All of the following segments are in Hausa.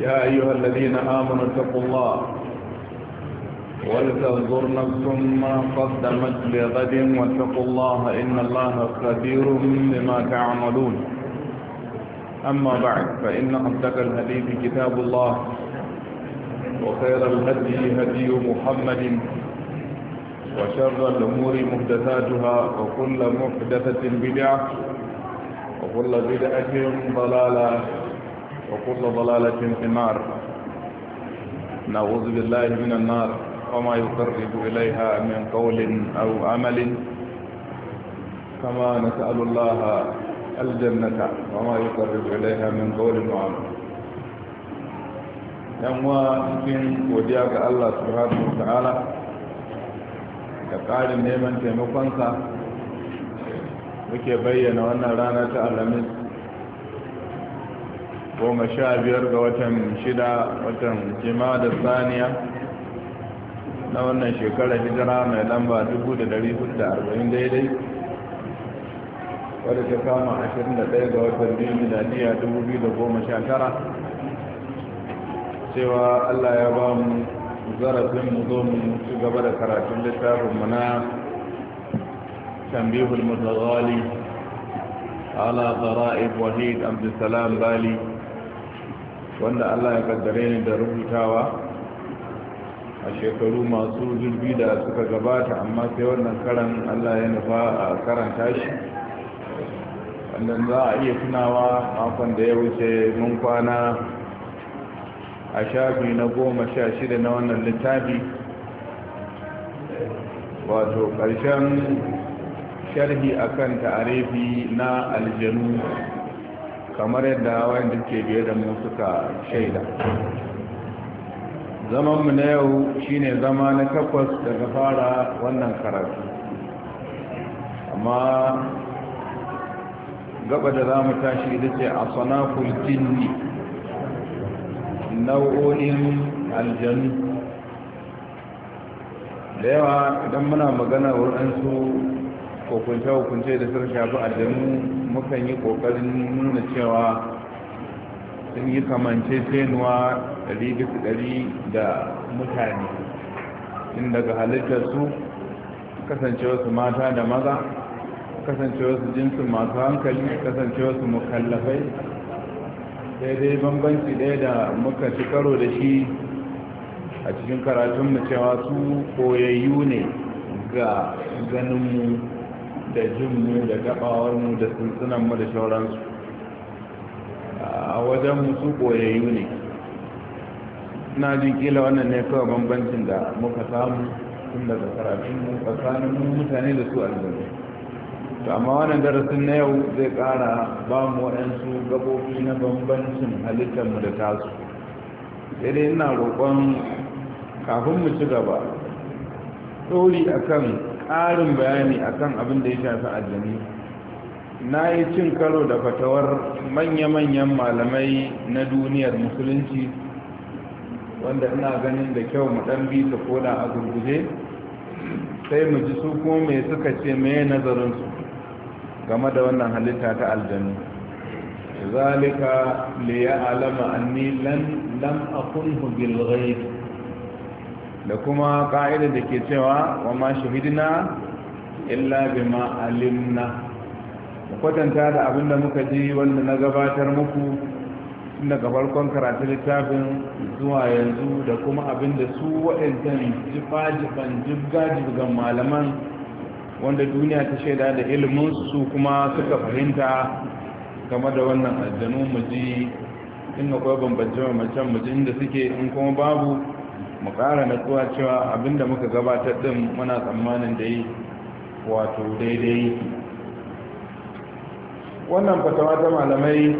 يا أيها الذين آمنوا اتقوا الله ولتنظر نفس ما قدمت لغد واتقوا الله إن الله خبير بما تعملون أما بعد فإن أصدق الحديث كتاب الله وخير الهدي هدي محمد وشر الأمور محدثاتها وكل محدثة بدعة وكل بدعة ضلالة وكل ضلالة في النار نعوذ بالله من النار وما يقرب إليها من قول أو عمل كما نسأل الله الجنة وما يقرب إليها من قول وعمل يموى من وديعك الله سبحانه وتعالى يقال نيمان تيمقنصة وكي بينا وانا رانا تعلمين goma sha biyar ga watan shida watan jima da saniya na wannan shekarar hijira mai lamba 1440 daidai wadda ta kama 21 ga watan biyu da sha 2019 cewa allah ya ba mu zarafin mu zo mu ci gaba da karatun mu na tambihul mutazali ala tsara'ib wahid abdulsalam bali wanda Allah ya kaddare ni da rubutawa a shekaru masu zurbi da suka gabata amma sai wannan karan Allah ya nufa a karanta shi wanda za a iya tunawa makon da ya wuce mun kwana a shafi na goma sha shida na wannan littafi wato ƙarshen sharhi akan ta'arifi na aljanu kamar yadda wanda ke biye da mu suka shaida zamanmu na yau shine zama na takwas daga fara wannan karatu amma gaba da za mu tashi da ce a sanakul jinni nau'o'in aljanu da yawa idan muna magana wurin su hukunce-hukunce da suka shafi aljanu mukan yi kokarin nuna cewa sun yi kamance tenuwa 100 da mutane in daga halittarsu kasancewarsu mata da maza kasancewarsu jinsin masu hankali kasancewarsu mukallafai daidai bambanci ɗaya da muka ci karo da shi a cikin karatunmu cewa su koyayyu ne ga ganinmu da jinmu da gabawarmu da tsuntsunanmu da shauransu a wajen musu koyayyu ne na jin kila wannan ne kawai bambancin da muka samu tun daga karatunmu tsakanin mutane da su albani to amma wannan darasin na yau zai kara ba mu waɗansu gabobi na bambancin halittarmu da tasu sai dai ina roƙon kafin mu ci gaba ɗori akan ƙarin bayani a kan abin da ya shafi aljani na yi cin karo da fatawar manya-manyan malamai na duniyar musulunci wanda ina ganin da kyau mu ɗan bi su koda a gurguje sai mu ji su kuma mai suka ce mai nazarinsu game da wannan halitta ta aljanu zalika liya alama anni lam akunhu bil da kuma ka'idar da ke cewa wa ma shahidina illa bima alimna kwatanta da abin da muka ji wanda na gabatar muku tun daga farkon karatun littafin zuwa yanzu da kuma abin da su waɗancan jifa-jifan jibga malaman wanda duniya ta shaida da su kuma suka fahimta game da wannan aljanu muji, ji in akwai bambance-bambancen mu inda suke in kuma babu mu ƙara natsuwa cewa abinda muka gabatar din muna tsammanin da yi wato daidai wannan fatawa ta malamai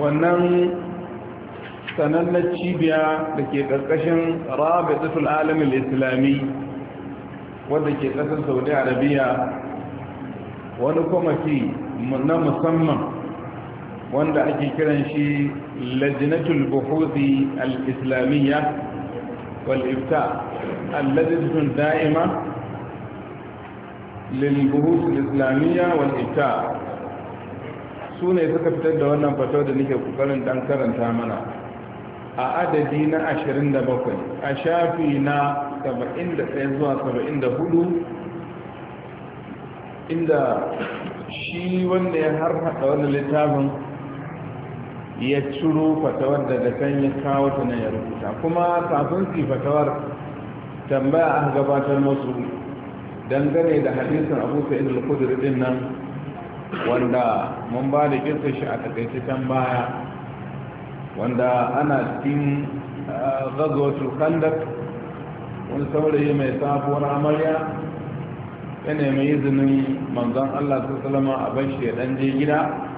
wannan sanannen cibiya da ke ƙarƙashin tsufin alamin islami wadda ke ƙasar saudi arabiya wani kwamaki na musamman wanda ake kiran shi lajinatul buhuzi al-islamiyya wal-ifta allajinatun da'ima lil-buhuz al-islamiyya wal-ifta su ne suka fitar da wannan fato da nake kokarin dan karanta mana a adadi na 27 a shafi na 71 zuwa 74 inda shi wanda ya harhaɗa wani littafin ya ciro fatawar daga can ya kawo ta na ya rubuta kuma kafin su fatawar tambaya a gabatar masu dangane da hadisin abubuwa, inda al-khudri nan wanda mun ba da kirsa shi a takaice kan baya wanda ana cikin ah, gazawatul khandak wani saurayi mai sabuwar amarya ya nemi izinin manzan Allah su salama a bashi ya dan je gida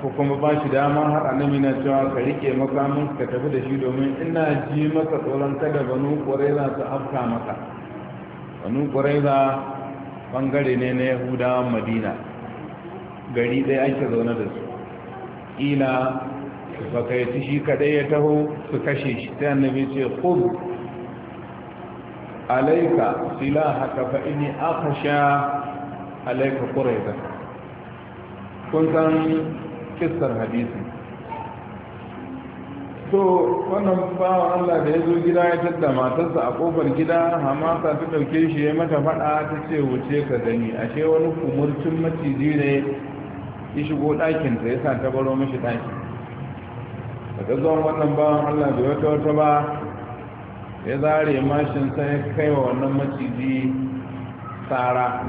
ko kuma ba shi dama har annabi na cewa ka rike makamin ka tafi da shi domin ina ji maka tsoron kada banu ƙwaraiza su afka maka banu ƙwaraiza bangare ne na yahudawan madina gari ɗaya ake zaune da su ƙila ba kai ta shi kaɗai ya taho su kashe shi ta annabi ce kudu alaika sila haka fa aka sha alaika ƙwaraiza kun san kistar hadisi to wannan bawan allah da ya zo gida ya tadda matarsa a kofar gida hamasa ta ɗauke shi ya mata faɗa ta ce wuce ka gani ashe wani kumurcin maciji ne ya shigo ɗakinta ya sa ta baro mashi ɗaki a zuwan wannan bawan allah da wata wata ba ya zare mashin sai ya kai wa wannan maciji tsara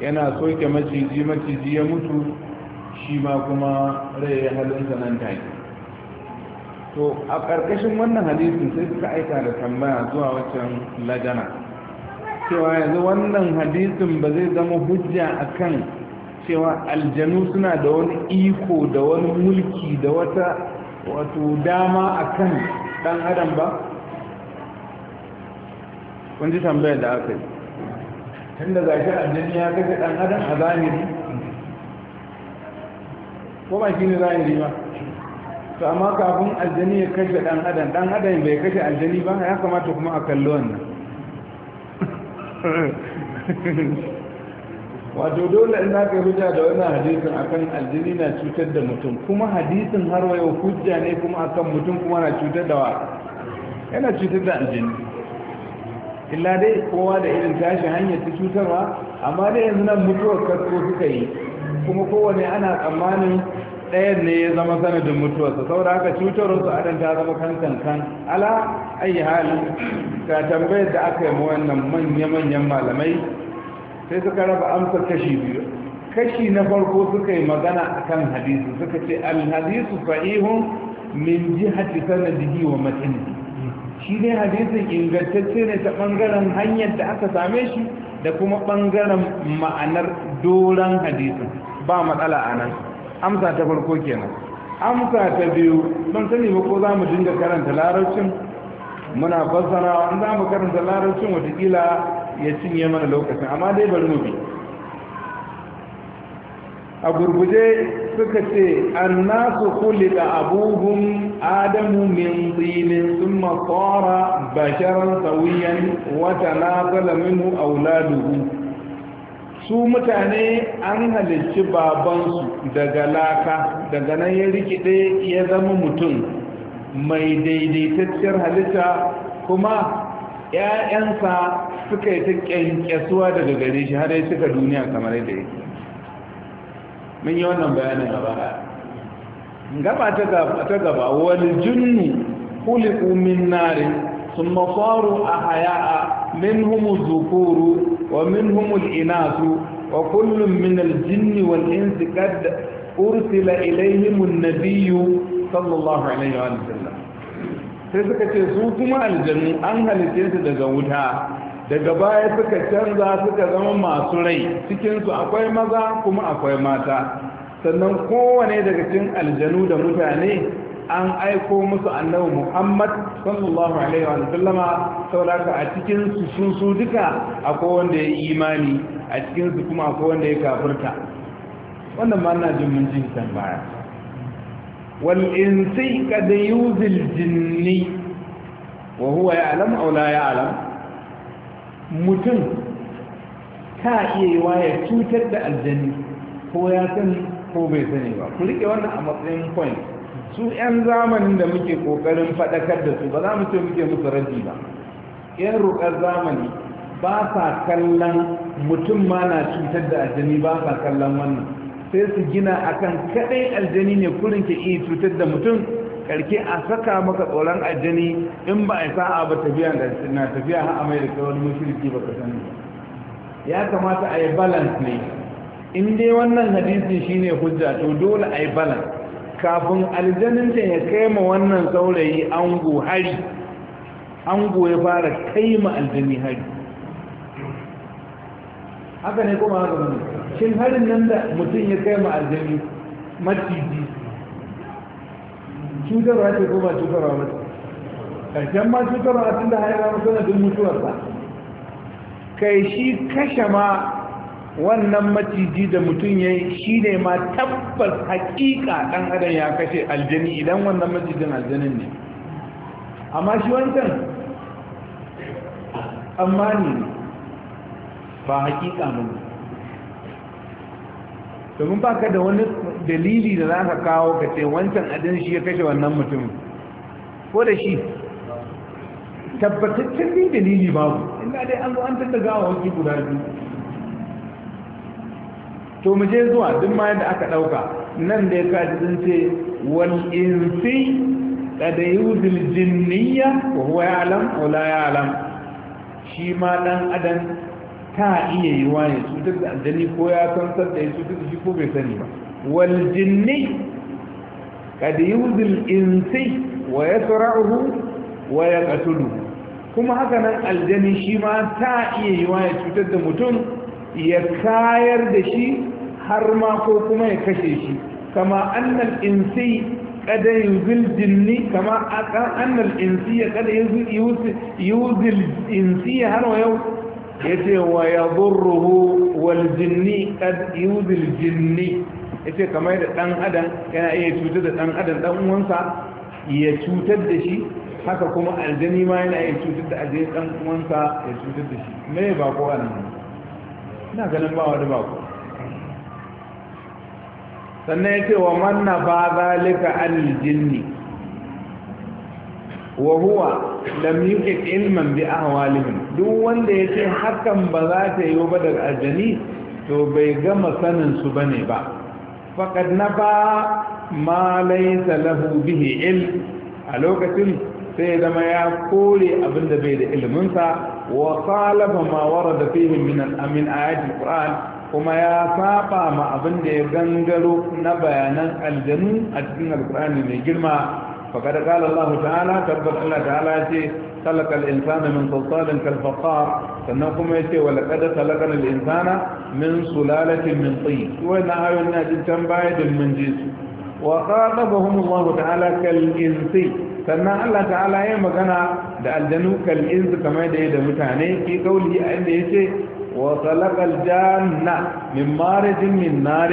yana soke maciji maciji ya mutu shi ma kuma rai ya halinsa nan yi to a ƙarƙashin wannan hadisin sai suka aika da tambaya zuwa waccan lajana cewa yanzu wannan hadisin ba zai zama hujja a kan cewa aljanu suna da wani iko da wani mulki da wata wato dama akan dan adam ba kun ji tambayar da aka yi tunda ga shi aljani ya kashe dan adam a zamiri ko ba shi ne zamiri ba to amma kafin aljani ya kashe dan adam dan adam bai kashe aljani ba ya kamata kuma a kalli wannan wato dole in za ka yi hujja da wannan hadisin akan aljini na cutar da mutum kuma hadisin har wayo hujja ne kuma akan mutum kuma na cutar da wa yana cutar da aljini illa dai kowa da irin tashi hanyar ta cutarwa amma dai yanzu nan mutuwar kasko suka yi kuma kowane ana tsammanin ɗayan ne ya zama sanadin mutuwarsa saboda haka cutarwarsu adan ta zama kankan kan ala ayi hali. Ka tambayar da aka yi wannan manya-manyan malamai sai suka raba amsar kashi biyu kashi na farko suka yi magana akan hadisi suka ce alhadisu sahihun min jihati sanadihi wa matinihi shi dai hadisin ingantacce ne ta ɓangaren hanyar da aka same shi da kuma ɓangaren ma'anar doron hadisin ba matsala a nan amsa ta farko kenan amsa ta biyu don sani ba ko za mu dinga karanta larabcin muna fassara an za mu karanta larabcin watakila ya cinye mana lokacin amma dai bari mu bi a gurguje suka ce an kuli da abubuwan adamu min tinin thumma sara basharan sawiyan wa tanazala a wuladuhu su mutane an halicci babansu daga laka daga nan ya rikide ya zama mutum mai daidaitacciyar halitta kuma ‘ya'yansa suka yi ta ƙyanƙyasuwa daga gare shi har yi cika duniya kamar yadda yake min yi wannan bayanin a baya gaba ta gaba wani junnu kuliku min narin sun mafaru a haya'a min humu zukuru wa min humu inasu wa kullum min aljinni wal insi kad ursila ilaihim annabiyyu sallallahu alaihi wa sallam sai suka ce su kuma aljannu an halitta su daga wuta daga baya suka canza suka zama masu rai cikinsu akwai maza kuma akwai mata sannan kowane daga cikin aljanu da mutane an aiko musu annabi muhammad sallallahu alaihi wa sallama sauraka a cikin su sun su duka akwai wanda ya imani a cikin su kuma akwai wanda ya kafirta wannan ma na jin mun jin can baya wal insi kad yuzil jinni wa huwa ya'lam aw la ya'lam mutum ta iya yi ya cutar da aljani ko ya sani ko bai sani ba ku riƙe wannan a matsayin point su 'yan zamanin da muke ƙoƙarin faɗakar da su ba za mu ce muke musu rabi ba 'yan ruƙar zamani ba sa kallon mutum ma na cutar da aljani ba sa kallon wannan sai su gina akan kaɗai aljani ne kurin ke iya cutar da mutum karke a saka maka tsoron aljani in ba a sa'a ba tafiya na tafiya ha amai da kai wani mushriki ba ka sani ya kamata a yi balance ne in dai wannan hadisi shine hujja to dole a yi balance kafin aljanin da ya kai ma wannan saurayi ango hari ango ya fara kai ma aljani hari haka ne kuma haka ne shin harin nan da mutum ya kai ma aljani maciji cutarwa ce ko ba cutarwa ba ƙarshen ma cutarwa tun da haifar sanadin mutuwarsa kai shi kashe ma wannan maciji da mutum ya yi shi ne ma tabbas hakika ɗan adam ya kashe aljani idan wannan macijin aljanin ne amma shi wancan amma ne ba hakika mun domin ba ka da wani dalili da za ka kawo ka ce wancan adin shi ya kashe wannan mutum ko da shi tabbataccen ne dalili ku inda dai an zo an tattaga wa wasu guda biyu to mu je zuwa duk ma yadda aka ɗauka nan da ya kaji sun ce wal insi kada yuzil jinniya wa huwa ya'lam aw la ya'lam shi ma dan adam ta iya yi wa ya cutar da aljani ko ya san sadda ya cutar da shi ko bai sani ba wal jinni kad yuzil insi wa yasra'uhu wa yaqtulu kuma haka nan aljani shi ma ta iya yi wa ya cutar da mutum ya kayar da shi har ma ko kuma ya kashe shi kama annal insi kada yuzil jinni kama annal insi kada yuzil yuzil insi har wa yau yace wa ya burruhu wal jinni kad yudil jinni yace kamar da dan adam yana iya cutar da dan adam dan uwansa ya cutar da shi haka kuma aljani ma yana iya cutar da aljani dan uwansa ya cutar da shi me ba ko anan ina ganin ba wani ba ko sannan yace wa manna ba zalika al jinni wa huwa lam yuqit ilman bi ahwalihim duk wanda yace hakan ba za ta yi ba daga aljani to bai gama sanin su bane ba faqad naba ma laysa lahu bihi ilm a lokacin sai zama ya kore abinda bai da ilmin sa wa qalafa ma warada fihi min al-amin ayati quran kuma ya saba ma abinda ya gangaro na bayanan aljanu a cikin alqur'ani mai girma فقد قال الله تعالى تبقى الله تعالى يتي خلق الإنسان من صلصال كالفقار فنقوم يتي ولقد خلقنا الإنسان من سلالة من طين وإن آيو الناس تنبايد من جيس وخاطبهم الله تعالى كالإنسي فإن الله تعالى يمكنا دعالجنو كالإنس كما يدعي دمتاني في قوله أن يتي وخلق الجنة من مارج من نار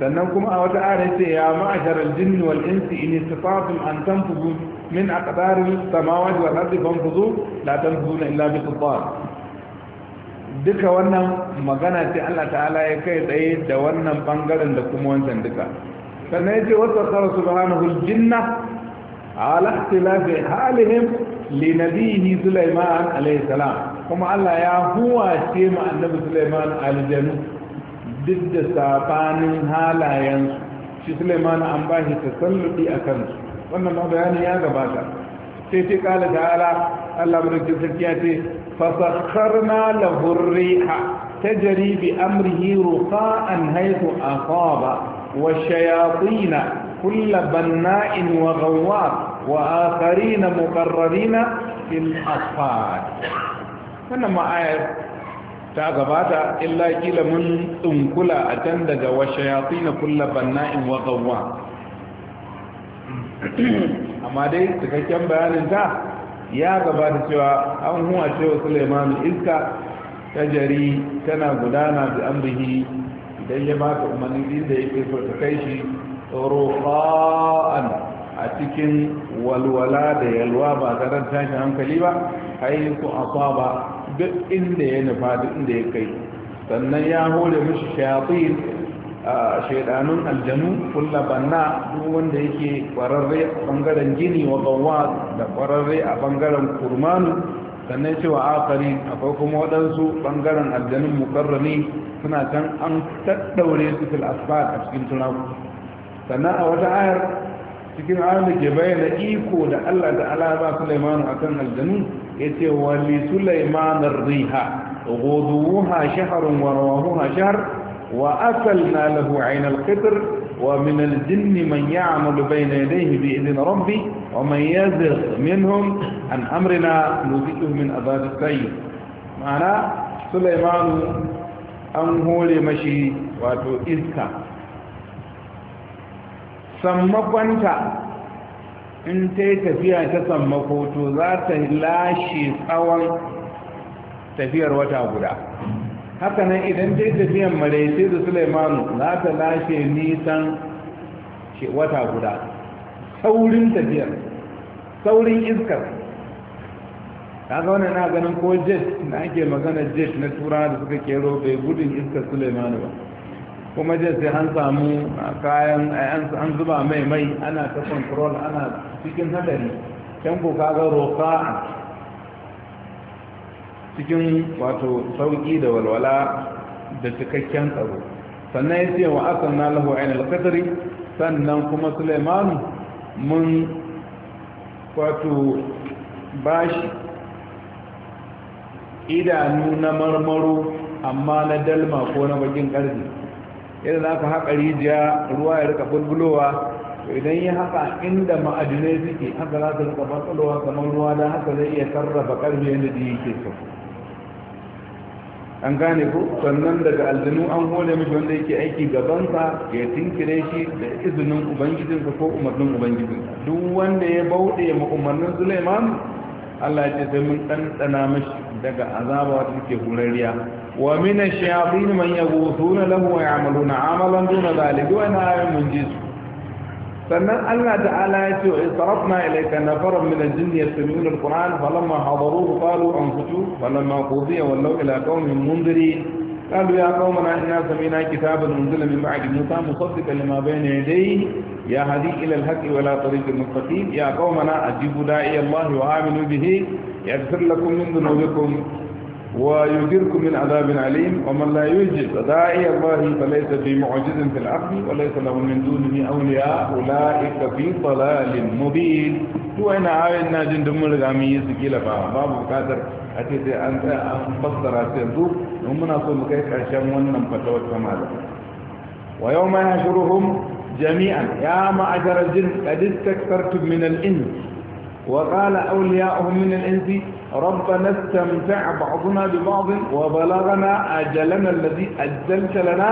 sannan kuma a wata ayar yace ya ma'ashar al-jinn wal insi in istata'tum an tanfudu min aqdari samawati wal ardi fanfudu la tanfuduna illa bi sultan duka wannan magana ce Allah ta'ala ya kai tsaye da wannan bangaren da kuma wancan duka sannan yace wasa sara subhanahu al-jinna ala ikhtilafi halihim li nabiyhi sulaiman alayhi salam kuma Allah ya huwace ma annabi sulaiman aljanu duk da sabanin halayensu shi suleiman an ba shi tasalluɗi a kansu wannan ma bayani ya gabata sai ce kala ala allah mulkin sarki ya ce fasakharna lahu riha tajri bi amrihi ruqa'an haythu asaba wa shayatina kull banna'in wa ghawwab wa akharina muqarrarina fil asfar wannan ma ayat ta gabata illa kila mun tsunkula a can daga washe ya na kulla banna'in wagawa amma dai cikakken bayanin ta ya gabata cewa an huwa cewa suleiman iska ta jari tana gudana da amrihi idan ya ba ta umarni inda ya so ta kai shi tsoron a cikin walwala da yalwa ba tare da tashin hankali ba haiku ba. duk inda ya nufa duk inda ya kai sannan ya hore mishi shayatin shaidanun aljanu kulla banna duk wanda yake kwararre a bangaren gini wa gawa da kwararre a bangaren kurmanu sannan cewa akari akwai kuma waɗansu bangaren aljanun mukarrani suna can an taɗaure su fil a cikin tunaku sannan a wata ayar cikin ayar da ke bayyana iko da allah da ala ba su laimanu akan aljanu yace wa li sulaiman ar-riha ghuduha shahrun wa rawahuha shahr wa akalna lahu 'ayn al-qitr wa min al-jinni man ya'malu bayna yadayhi bi idhni rabbi wa man yazigh minhum an amrina nudhiquhu min adhab as-sayr ma'ana sulaiman an hore mashi wato iska sammakonta in ta yi tafiya ta sammako to za ta lashe tsawon tafiyar wata guda hakanan idan ta yi tafiyar maraice da sulaimanu za ta lashe nisan wata guda saurin tafiyar saurin iskar ta zaune na ganin ko jet na ake magana jet na tura da suka kero bai gudun iskar sulaimanu ba kuma jiya sai an samu kayan an zuba mai mai ana ta control ana cikin hadari can buka ga roka cikin wato sauki da walwala da cikakken tsaro sannan ya ce wa asan na lahu sannan kuma suleiman mun wato bashi idanu na marmaro amma na dalma ko na bakin ƙarfi yadda za ka haƙa rijiya ruwa ya rika bulbulowa idan ya haka inda ma'adinai suke haka za su rika matsalowa kamar ruwa don haka zai iya sarrafa ƙarfi yadda ji yake so an gane ku sannan daga aljanu an hole mishi wanda yake aiki gabansa ya tinkire shi da izinin ubangijinsa ko umarnin ubangijinsa duk wanda ya bauɗe ma umarnin suleiman allah ya ce sai mun ɗanɗana mashi daga azaba wata suke hurariya wa min ash-shayatin man yaghuthuna lahu wa ya'maluna 'amalan duna dhalika wa na'am min jinn sannan Allah ta'ala ya ce israfna ilayka nafaran min al-jinn yastami'una al-Qur'an falamma hadaruhu qalu anfutu falamma qudiya wallaw ila qaumin mundirin qalu ya qaumana inna sami'na kitaban unzila min ba'di Musa musaddiqan lima bayna yadayhi ya hadi ila al-haqqi wa la tariqa al-mustaqim ya qaumana ajibu da'i Allah wa aminu bihi yaghfir lakum min dhunubikum ويجركم من عذاب عليم ومن لا يجد داعي الله فليس بمعجز في العقل وليس له من دونه أولياء أولئك في ضلال مبين تو أنا عاين آية ناجن دمول غامي يسكيلا باب قادر أتيت أنت أفسر أسيرتو هم صوم كيف أشام ونم فتوت فماذا ويوم يحشرهم جميعا يا معشر الجن قد استكثرتم من الإنس وقال أولياؤهم من الإنس ربنا استمتع بعضنا ببعض وبلغنا أجلنا الذي أجلت لنا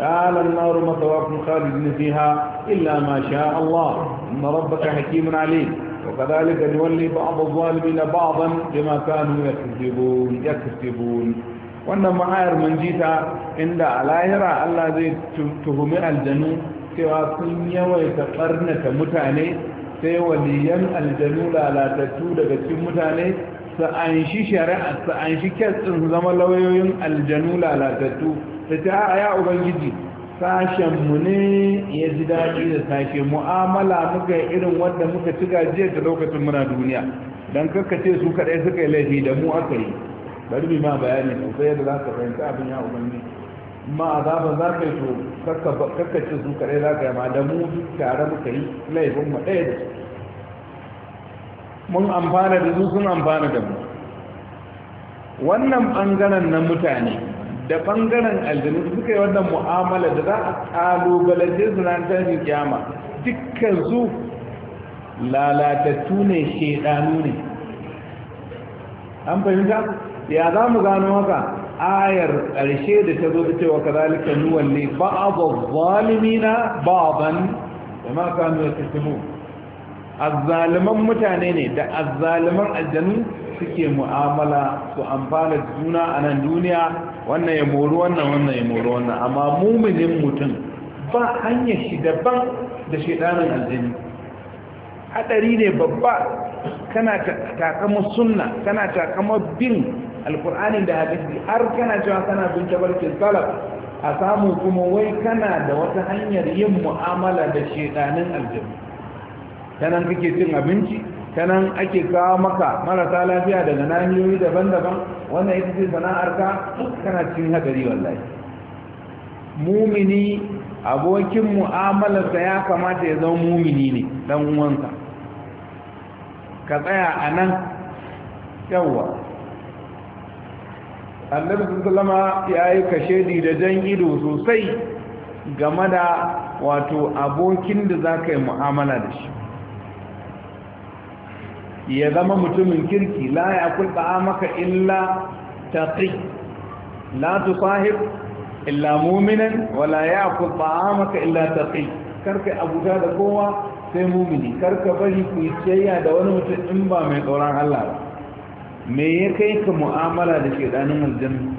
قال النار مثواكم خالدين فيها إلا ما شاء الله إن ربك حكيم عليم وكذلك نولي بعض الظالمين بعضا بما كانوا يكذبون يكذبون وأن معاير من جيتا إن لا يرى الا Allah تهمع الجنون سوى cewa sun yawaita karnata mutane sai waliyan aljanu lalatattu daga cikin su an shi shari'a su shi kyatsin zama lauyoyin aljanu lalatattu ta ta ya ubangiji sashenmu ne ya ji daɗi da sashe mu'amala muka irin wadda muka ci gajiya ta lokacin muna duniya don kakkace su kaɗai suka yi laifi da mu aka yi bari bi ma bayani sosai da za ka fahimta abin ya ubangiji ma azaban za ka yi to kakkace su kaɗai za ka yi ma da mu duk tare muka yi laifin mu ɗaya da su mun amfana da su sun amfana da mu wannan bangaren na mutane da bangaren aljanu suka yi wannan mu'amala da za a kalubalance su na tashin kyama dukkan su lalatattu ne shaidanu ne an fahimta ya za mu gano haka ayar ƙarshe da ta zo ta cewa ka zalika nuwalli ba a ban da ma kanu mu. azzaliman mutane ne da azzaliman aljanu suke mu'amala su amfana juna a nan duniya wannan ya moru wannan wannan ya moru wannan amma muminin mutum ba hanyar shi daban da shaidanin aljani hadari ne babba kana takamar sunna kana takamar bin alkur'anin da hadisi har kana cewa kana bin tabarkin salaf a samu kuma wai kana da wata hanyar yin mu'amala da shaidanin aljanu ta nan kake cin abinci ta nan ake kawo maka marasa lafiya daga nahiyoyi daban-daban wannan ita ce sana'arka kana cikin hadari wallahi mumini abokin mu'amalarsa ya kamata ya zama mumini ne dan uwanka ka tsaya a nan yawwa annabi sallama ya yi di da jan ido sosai game da wato abokin da za ka yi mu'amala da shi ya zama mutumin kirki la ya kulba maka illa taqi la tusahib illa mu'minan wala ya kulba maka illa taqi karka abuta da kowa sai mumini karka bari ku tsayya da wani mutum in ba mai tsoron Allah ba me ya kai ka mu'amala da shedanin aljanna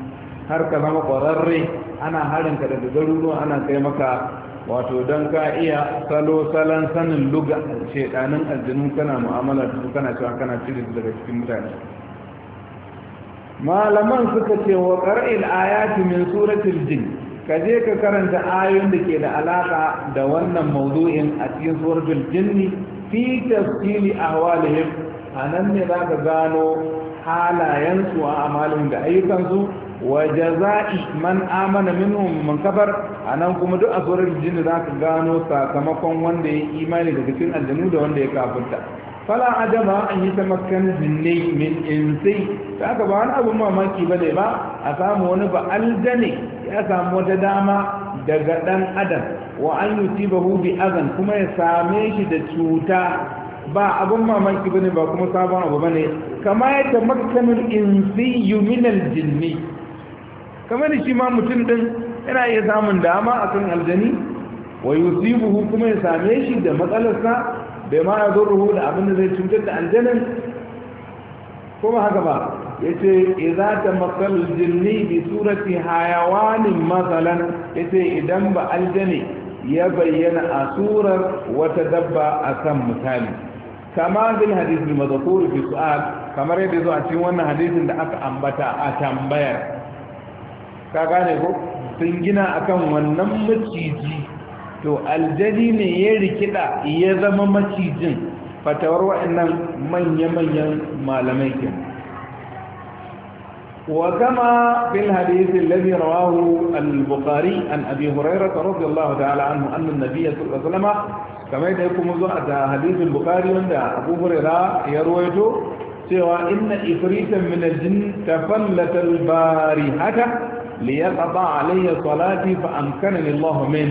har ka zama kwararre ana harin ka daga garuruwa ana kai maka wato don ka iya salo salon sanin luga shekanin aljinu kana mu'amala da su kana cewa kana cire daga cikin mutane malaman suka ce wa ƙar'il ayati min suratul jin ka je ka karanta ayoyin da ke da alaka da wannan mawdu'in a cikin suratul jin fi tafsili ahwalihim anan ne za ka gano halayensu a amalin da ayyukansu wa jaza'i man amana minhum man kafar anan kuma duk a jin da zaka gano sakamakon wanda ya imani daga cikin aljanu da wanda ya kafirta fala adama an yi tamakkan jinni min insi ta ka ba wani abin mamaki bane ba a samu wani ba aljane ya samu wata dama daga dan adam wa an yusibahu bi azan kuma ya same shi da cuta ba abin mamaki bane ba kuma sabon abu bane kama yadda makkanul insi yuminal jinni kamar shi ma mutum din yana iya samun dama akan aljani wa yusibuhu kuma ya same shi da matsalarsa bai ma ruhu da abin da zai cutar da aljanin kuma haka ba yace idza tamassal jinni bi surati hayawanin masalan yace idan ba aljani ya bayyana a surar wata dabba a kan misali kama zai hadisi mazakuru fi su'al kamar yadda zo a cikin wannan hadisin da aka ambata a tambayar ka gane ko sun gina akan wannan maciji to aljani ne ya rikida ya zama macijin fatawar waɗannan manya-manyan malamai ke wa kama fil hadith alladhi rawahu al-bukhari an abi hurairah radiyallahu ta'ala an da kuma zuwa da hadith bukhari wanda abu hurairah ya ruwaito cewa inna ifritan min al-jinn tafallata al-barihata liyaqata alayya salati fa amkanani Allah min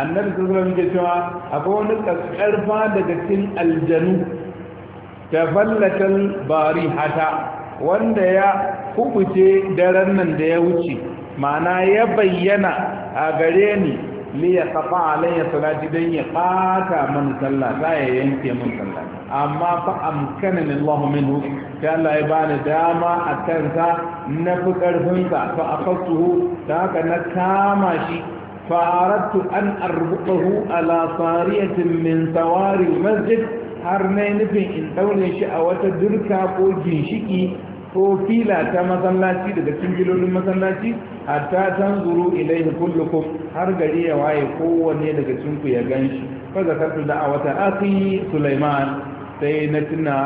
annabi sallallahu alaihi cewa akwai wani karfa daga cikin aljanu tafallatan barihata wanda ya kubuce daren nan da ya wuce ma'ana ya bayyana a gare ni liya kafa alayya salati don ya ɓata man sallah ya yanke man sallah amma fa amkanin Allah minhu sai Allah ya bani dama a kansa na fi ƙarfinsa fa a fasuhu ta haka na kama shi faratu an arbuɗahu a sariyatin min tsawari masjid har na nufin in ɗaure shi a wata durka ko ginshiki ko fila ta masallaci daga cikin filolin masallaci hatta tanzuru ilaihi kullukum har gari ya waye kowanne daga cikin ku ya ganshi fa zakartu da wata akhi Sulaiman sai na tuna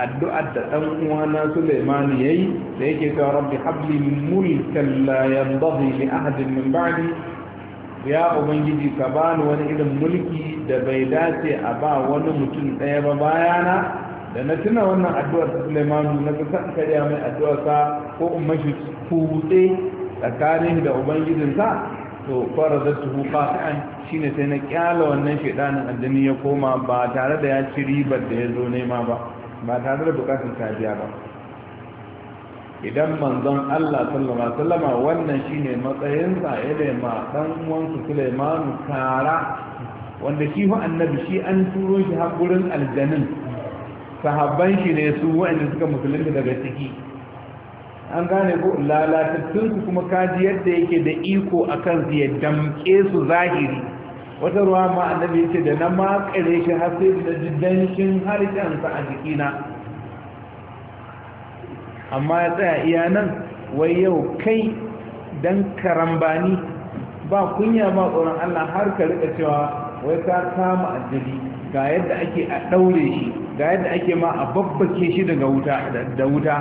addu'ar da ɗan uwana ya yayi da yake cewa rabbi habli mulkan la yanbaghi li ahadin min ba'di ya ubangiji ka bani wani irin mulki da bai dace a ba wani mutum ɗaya ba bayana da na tuna wannan addu'ar ta Sulaiman na ga karya mai addu'ar sa ko in mashi kutse tsakanin da ubangijinsa to fara da su shine sai na kyala wannan shedanin addini ya koma ba tare da ya ci ribar da ya zo nema ba ba tare da bukatar kariya ba idan manzon Allah sallama sallama wannan shine matsayinsa ya ma dan uwansu Sulaimanu kara wanda shi fa annabi shi an turo shi har gurin aljanin sahabban shi ne su wa'anda suka musulunta daga ciki an gane ko Lalata su kuma kaji yadda yake da iko akan su ya damke su zahiri wata ruwa ma annabi ce da na makare shi har sai da ji danshin harshensa a jikina amma ya tsaya iya nan wai yau kai dan karambani ba kunya ba tsoron Allah har ka rika cewa wai ka kama ajali ga yadda ake a daure shi ga yadda ake ma a babbake shi daga wuta da wuta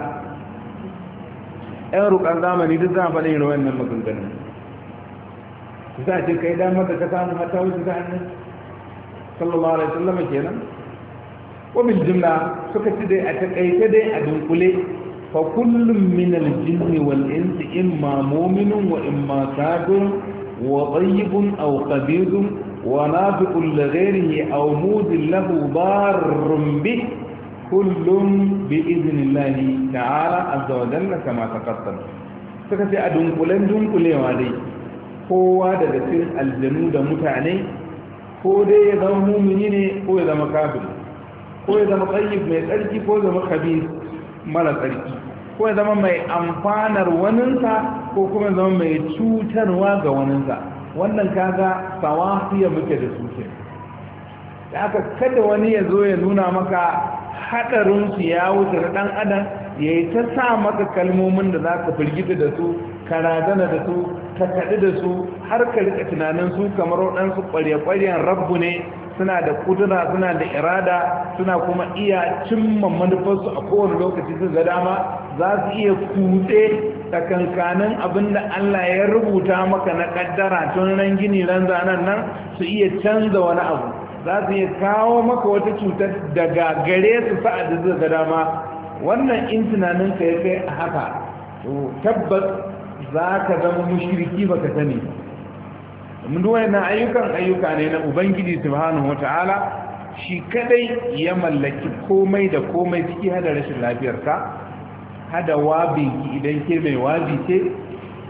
Yan rukan zamani duk zama faɗin rawar nan maganganun za a ce kai damar da ka samu mata wuce ta hannun sallallahu alaihi wasallam kenan wabin jumla suka ci dai a takaice dai a dunkule fa kullum min aljinni wal insi ma mu'minun wa in imma kafirun wa tayyibun aw qabidun wa nafiqun li ghayrihi aw mudin lahu darrun bi kullum bi idnillahi ta'ala azza wa jalla kama taqaddam suka ce a dunkulen dunkulewa dai kowa daga cikin aljanu da mutane ko dai ya zama mumini ne ko ya zama kafir ko ya zama tsayyib mai tsarki ko ya zama kabir mara tsarki ko ya zama mai amfanar waninsa ko kuma ya zama mai cutarwa ga waninsa wannan kaga sawafiya muke da su da aka kada wani ya zo ya nuna maka hadarin su ya wuce na dan adam ya yi ta sa maka kalmomin da za ka firgita da su ka razana da su ka kaɗu da su har ka rika tunanin su kamar waɗansu ƙwarya-ƙwaryen rabbu ne suna da kudura suna da irada suna kuma iya cimma manufarsu a kowane lokaci su ga dama za su iya kutse tsakankanin abin da Allah ya rubuta maka na kaddara tun ran gini ran zanen nan su iya canza wani abu za su iya kawo maka wata cutar daga gare su sa'ad da dama wannan in tunanin ya kai a haka tabbas za ka zama ba ka sani mun na ayyukan ayyuka ne na ubangiji subhanahu ta'ala, shi kadai ya mallaki komai da komai ciki hada rashin lafiyarka hada wabinki idan ke mai wabi ce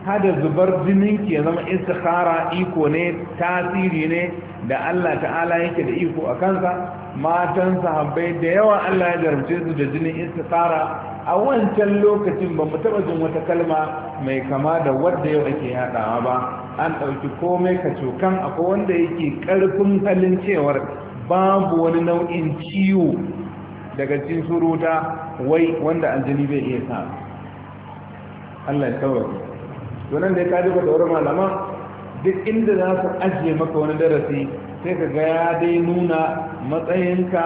hada zubar jininki ya zama istikhara iko ne tasiri ne da Allah ta'ala yake da iko a kansa matan sahabbai da yawa Allah ya jarumce su da jinin istikhara a wancan lokacin ba mu taɓa jin wata kalma mai kama da wadda yau ake yaɗawa ba an ɗauki komai ka cokan akwai wanda yake ƙarfin halin cewar babu wani nau'in ciwo daga cikin suruta wai wanda aljini bai iya sa Allah ya kawai nan da ya kaji ba da malama. duk inda za su ajiye maka wani darasi sai ka ga ya dai nuna matsayinka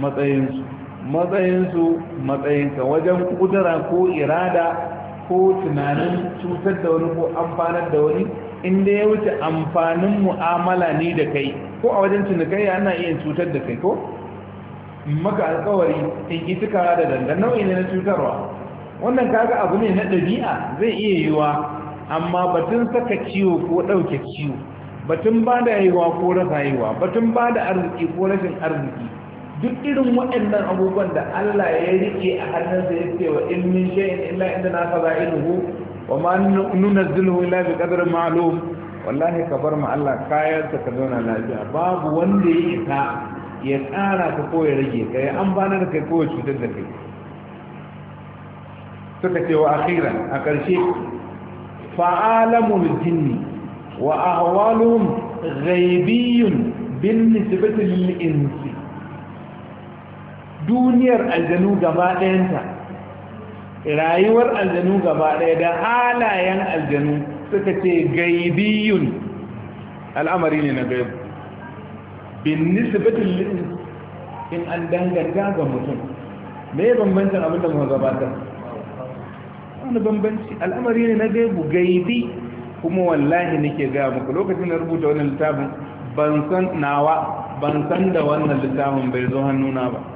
matsayinsu matsayinsu matsayinka wajen kudura ko irada ko tunanin cutar da wani ko amfanar da wani inda ya wuce amfanin mu'amala ne da kai ko a wajen cinikayya ana iya cutar da kai ko maka alkawari in ki cika da dandan nau'i ne na cutarwa wannan kaga abu ne na ɗabi'a zai iya yiwa amma batun saka ciwo ko ɗauke ciwo batun ba da haihuwa ko rasa haihuwa batun ba da arziki ko rashin arziki duk irin waɗannan abubuwan da Allah ya rike a hannunsa ya ce wa in min shay'in illa inda na fa za'iluhu wa ma nunazzilu illa bi qadrin ma'lum wallahi ka bar ma Allah kayan ka zauna lafiya babu wanda ya isa ya tsara ka ko ya rage ka ya amfana da kai ko ya cutar da kai suka ce wa akhiran a ƙarshe fa'alamul jinni wa ahwaluhum ghaibiyyun bin nisbati lil insi duniyar aljanu gaba ɗayanta rayuwar aljanu gaba ɗaya da halayen aljanu suka ce gaibiyun al'amari ne na gaibu bin nisbatin liɗin, in an danganta ga mutum me ya bambancin abinda mu gabatar wani bambanci al'amari ne na gaibu gaibi kuma wallahi nake ga muku lokacin da rubuta wani littafin ban san nawa ban san da wannan littafin bai zo hannuna ba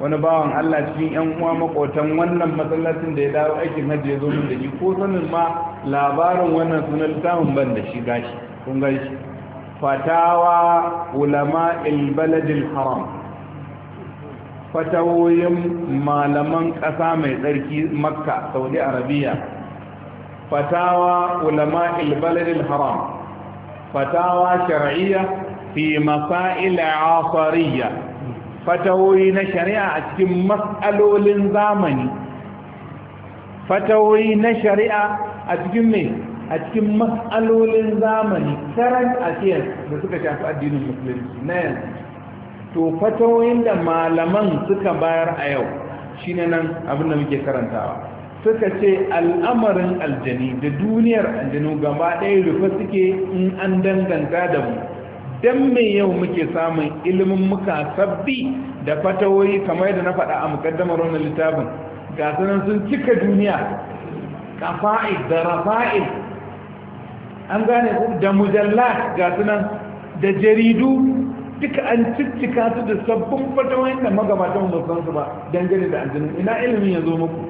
wani bawan Allah cikin yan uwa makotan wannan masallacin da ya dawo aikin hajji ya zo min da shi ko sanin ma labarin wannan sunan littafin ban da shi gashi kun gashi fatawa ulama albaladil haram fatawoyin malaman ƙasa mai tsarki makka saudi arabiya fatawa ulama albaladil haram fatawa shar'iyya fi masail asariya fatawoyi na shari'a a cikin matsalolin zamani fatawoyi na shari'a a cikin mai a cikin matsalolin zamani current affairs da suka shafi addinin musulunci na yanzu to fatawoyin da malaman suka bayar a yau shine nan abin da muke karantawa suka ce al'amarin aljani da duniyar aljanu gaba ɗaya rufe suke in an danganta da mu dan me yau muke samun ilimin muka sabbi da fatawoyi kamar yadda na faɗa a mukaddamar wannan littafin ga sanan sun cika duniya kafa'id da an gane da mujalla ga sanan da jaridu duka an ciccika su da sabbin fatawoyin da magabatan musansu ba dangane da aljinin ina ilimin ya zo muku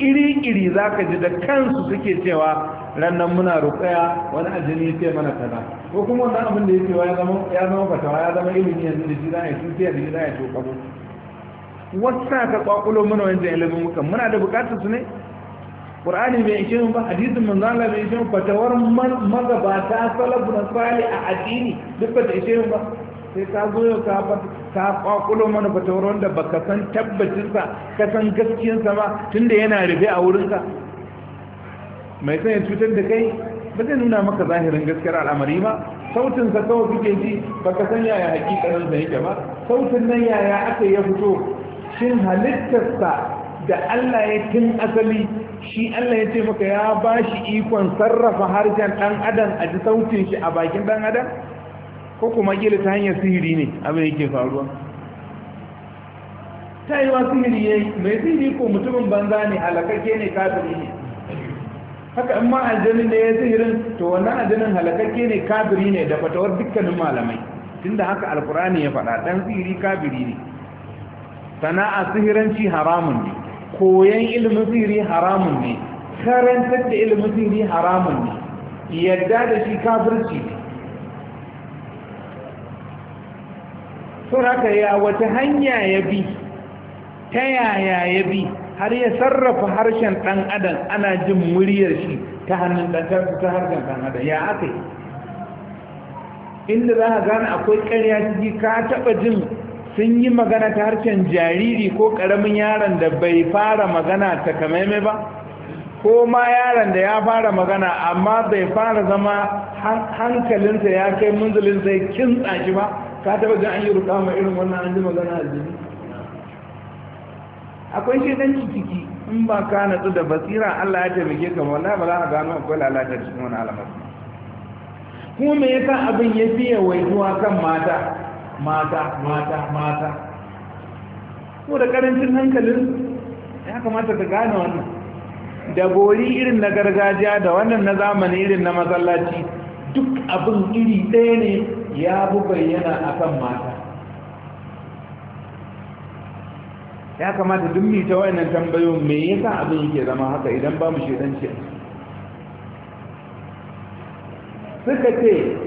iri-iri za ka ji da kansu suke cewa rannan muna rukaya wani ajini ce mana kaza ko kuma wannan abin da ya cewa ya zama ya zama fatawa ya zama ilimi yanzu da shi za a yi sun da shi za a yi tokabo wasu na ka kwakulo mana wancan ilimin muka muna da bukatar su ne Al-Qur'ani mai ishe mu ba hadisin manzo Allah mai ishe mu fatawar ta salafu na sali a addini duk ba ta ishe mu ba sai ka zo ka fata ta kwakulo mana wurin da baka san tabbacinsa ka san gaskiyarsa ma tunda yana rufe a wurinka mai sanya cutar da kai ba zai nuna maka zahirin gaskiyar al'amari ba sautin sa kawai kuke ji baka san yaya hakikanin sa yake ba sautin nan yaya aka ya fito shin halittarsa da Allah ya tun asali shi Allah ya ce maka ya bashi ikon sarrafa harshen ɗan adam a ji sautin shi a bakin dan adam ko kuma kila ta hanyar sihiri ne abin yake faruwa ta yi wa sihiri ya mai sihiri ko mutumin banza ne halakakke ne kafiri ne haka in ma aljanin da ya sihirin to wannan aljanin halakakke ne kafiri ne da fatawar dukkanin malamai tunda haka alkurani ya faɗa ɗan sihiri kafiri ne sana'a sihiranci haramun ne koyan ilimin sihiri haramun ne karantar da ilimin sihiri haramun ne yadda da shi kafirci ne haka ya wata hanya ya bi ta yaya ya bi har ya sarrafa harshen ɗan adam ana jin muryar shi ta hannun ɗan ta harshen ɗan adam ya aka yi inda za a gane akwai ƙarya ciki ka taɓa jin sun yi magana ta harshen jariri ko ƙaramin yaron da bai fara magana ta kamaime ba ko ma yaron da ya fara magana amma bai fara zama hankalinsa ya kai munzulinsa zai kintsashi shi ba ka taba ga an yi ruka ma irin wannan an ji magana aljini akwai dan ciki in ba ka natsu da basira Allah ya taimake ka wallahi ba za ka gano akwai lalata cikin wani alamar kuma me yasa abin ya fiye waituwa kan mata mata mata mata ko da karancin hankalin ya kamata ka gane wannan da bori irin na gargajiya da wannan na zamani irin na masallaci duk abin iri ɗaya ne ya bu bayyana a kan mata ya kamata duk mita wayannan tambayo me yasa abin yake zama haka idan bamu mu shidance suka ce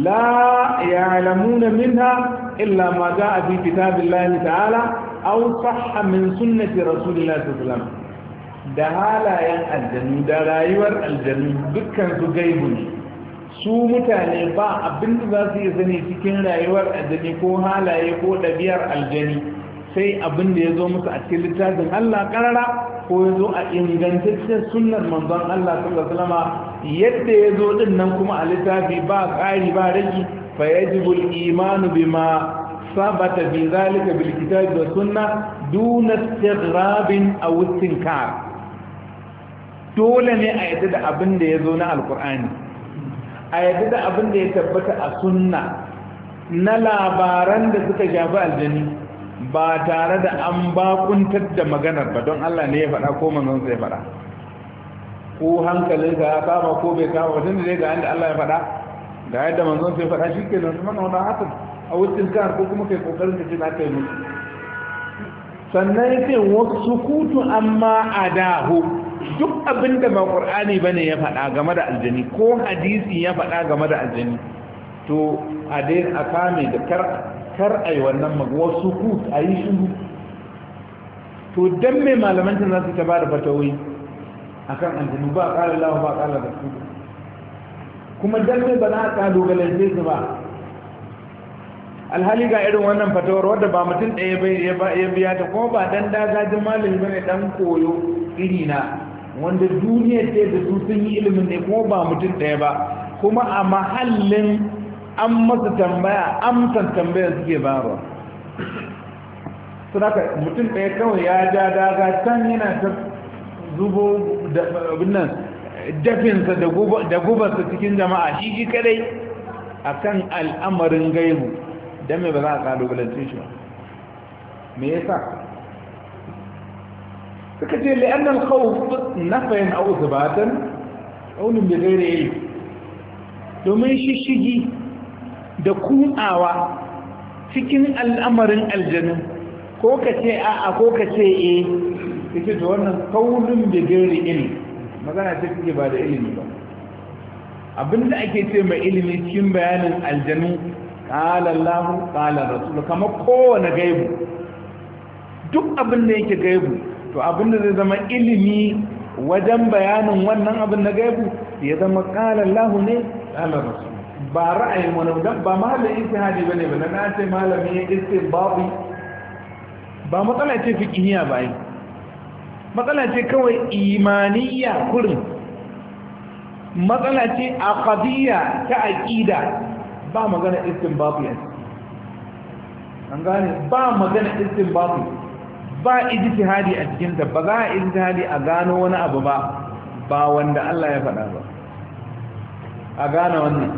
la ya alamuna minha illa ma za fi fita billahi ta'ala au sahha min sunnati rasulillahi da halayen aljanu da rayuwar aljanu dukkan su gaibu ne su mutane ba abinda za su yi zane cikin rayuwar aljani ko halaye ko ɗabi'ar aljani sai abin da ya zo musu a cikin littafin Allah karara ko ya zo a ingantaccen sunnar manzon Allah sallallahu alaihi wasallam yadda ya zo din nan kuma a littafi ba ƙari ba ragi fa yajibu al bima sabata bi zalika bil kitabi wa sunna duna istighrabin aw istinkar dole ne a yadda da abin da ya zo na alqur'ani a yadda da abin da ya tabbata a sunna na labaran da suka shafi aljani ba tare da an bakuntar da maganar ba don Allah ne ya faɗa ko manzon sai faɗa ko hankalin ka ya kama ko bai kama tun da zai ga yadda Allah ya faɗa da yadda manzon sai faɗa shi ke nan mana wani hakan a wucin kan ko kuma kai kokarin da ce na kai mutu sannan yake wasu kutu amma adahu duk abin da ba ba ne ya faɗa game da aljani ko hadisi ya faɗa game da aljani to a dai a kame da kar a yi wannan maguwar suku a yi shuru to don mai malamancin za su ta ba da fatawai a kan aljanu ba ƙalar lawa ba ƙalar da su kuma don mai ba za a sai su ba alhali ga irin wannan fatawar wadda ba mutum ɗaya ya biya ta kuma ba dan dagajin malami ne dan koyo iri na wanda duniya ce da su sun yi ilimin ne kuma ba mutum ɗaya ba kuma a mahallin an masa tambaya amsan tambayar suke ba suna mutum ɗaya kawai ya ja daga can yana ta zubo nan dafinsa da gubarsa cikin jama'a shi shi kadai a kan al'amarin gaibu don mai ba za a kalubalance shi ba me sa. suka ce li'an al-khawf nafayan aw ithbatan aunin da gaira yi domin shishigi da kunawa cikin al'amarin aljanu ko ka ce a ko ka ce e eh, yake da wannan kaunin da gaira ilmi magana ta fiye ba da ilimi ba abinda ake ce mai ilimi cikin bayanin aljanu ƙalallahu ƙalar rasul kamar kowane gaibu duk abin da yake gaibu to abinda zai zama ilimi wajen bayanin wannan abin na gaibu ya zama ƙalar lahu ne ƙalar rasu ba ra'ayin wani dan ba isi istihadi ba ne ba na ce malami ya istin babu ba matsala ce fikiniya ba yi matsala ce kawai imaniya kurin matsala ce a akadiyya ta aƙida ba magana istin babu yanzu an gane ba magana istin babu ba ijtihadi a cikin ta ba za a ijtihadi a gano wani abu ba ba wanda Allah ya faɗa ba a gano wannan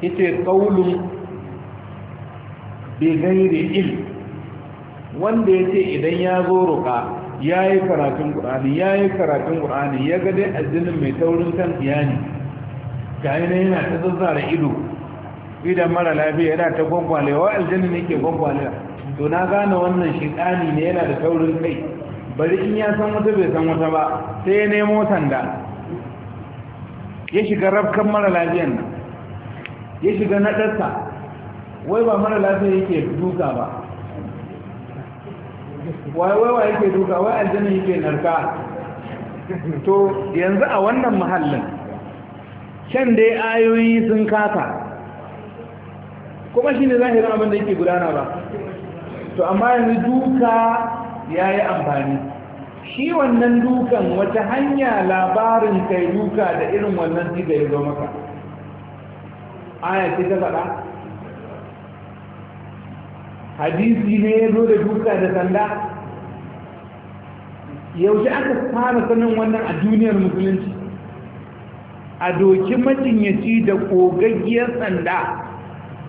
yace qaulun bi ghairi ilm wanda yace idan ya zo ruka ya karatun qur'ani ya yi karatun ƙur'ani ya ga dai addinin mai taurin kan iyani kai ne yana ta zazzara ido idan mara lafiya yana ta gwangwalewa aljannin yake gwangwalewa to na gane wannan shiɗani ne yana da taurin kai bari in ya san wata bai san wata ba sai ya nemo sanda ya shiga rafkan mara lafiyan nan ya shiga naɗarsa wai ba mara lafiya yake duka ba wai wai wa yake duka wai aljanna yake narka to yanzu a wannan mahallin can dai ayoyi sun kasa kuma shi ne zahirin abin da yake gudana ba to amma yanzu duka ya yi amfani shi wannan dukan wata hanya labarin kai duka da irin wannan da ya zo maka ayyaki ta faɗa hadisi ne ya zo da duka da sanda yaushe aka fara sanin wannan a duniyar musulunci a doki majinyaci da ƙogaggiyar sanda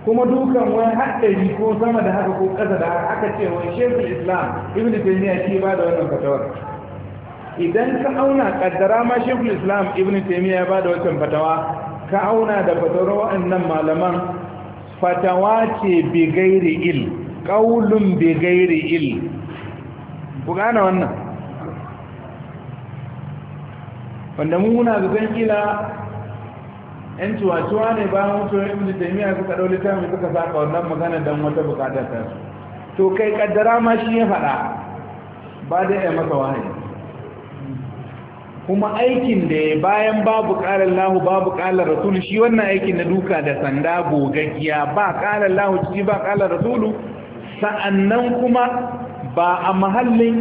kuma dukan wani haɗari ko sama da haka ko ƙasa da haka aka ce wani shekul islam ibn taymiya shi ba da wannan fatawar idan ka auna ƙaddara ma shekul islam ibn taimiyya ba da wancan fatawa ka auna da fatawar wannan malaman fatawa ce bigairi il ƙaulun bigairi il ku gane wannan wanda muna zan kila yan cuwa ne bayan jami'a da taymiya suka dau littafi suka saka wannan magana dan wata bukata ta to kai kaddara ma shi ya faɗa ba da ya masa wahayi kuma aikin da ya bayan babu ƙalar lahu babu ƙalar rasulu shi wannan aikin na duka da sanda gogaggiya ba ƙalar lahu ciki ba ƙalar rasulu sa'annan kuma ba a mahallin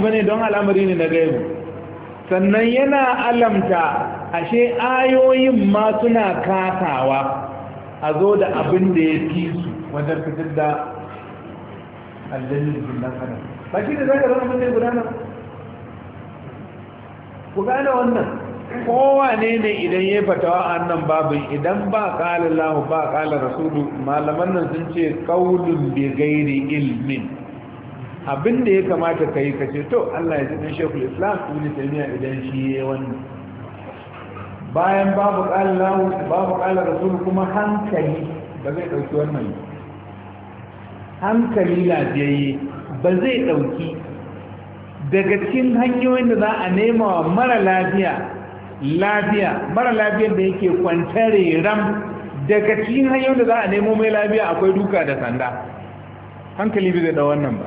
ba ne don al'amari ne na gaibu sannan yana alamta ashe ayoyin ma suna kasawa a zo da abin da ya fi su wajen fitar da aljannin jinnan adam ba shi da zaka zama mutane da gudana ku gane wannan kowa ne ne idan ya fatawa a nan babin idan ba kala lahu ba kala rasulu malaman nan sun ce kaulun bi gairi ilmin abin da ya kamata kai kace to Allah ya ji dan shekul islam ibn taymiya idan shi yayi wannan bayan babu ƙala babu ƙala kuma hankali ba zai ɗauki wannan hankali lafiyayye ba zai ɗauki daga cikin hanyoyin da za a nema wa mara lafiya lafiya mara lafiyar da yake kwantare ram daga cikin hanyoyin da za a nemo mai lafiya akwai duka da sanda hankali zai da wannan ba